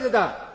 Preda.